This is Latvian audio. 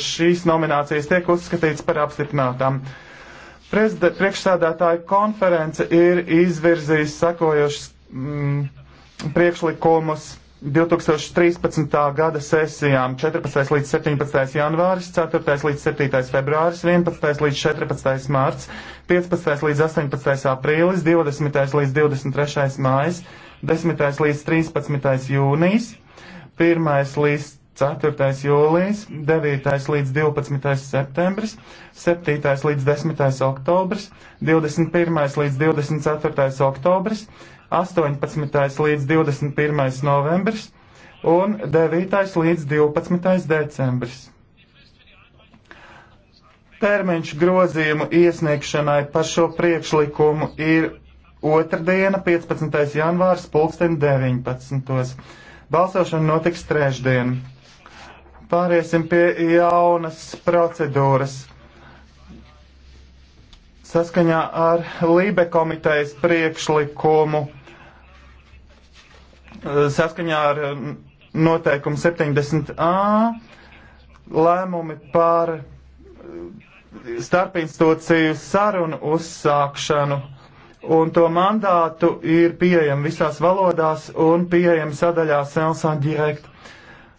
šīs nominācijas tiek uzskatīts par apstiprinātām. Priekšsēdētāja konference ir izvirzījis sekojošas mm, priekšlikumus 2013. gada sesijām 14. līdz 17. janvāris, 4. līdz 7. februāris, 11. līdz 14. mārts, 15. līdz 18. aprīlis, 20. līdz 23. mājas, 10. līdz 13. jūnijas, 1. līdz 4. jūlijas, 9. līdz 12. septembris, 7. līdz 10. oktobris, 21. līdz 24. oktobris, 18. līdz 21. novembris un 9. līdz 12. decembris. Termiņš grozījumu iesniegšanai par šo priekšlikumu ir otrdiena, 15. janvārs, pulksten 19. Balsošana notiks trešdien. Pāriesim pie jaunas procedūras. Saskaņā ar Lībe komitejas priekšlikumu, saskaņā ar noteikumu 70a, lēmumi par eh, starpinstitūciju sarunu uzsākšanu un to mandātu ir pieejami visās valodās un pieejami sadaļā Selsan Direkt.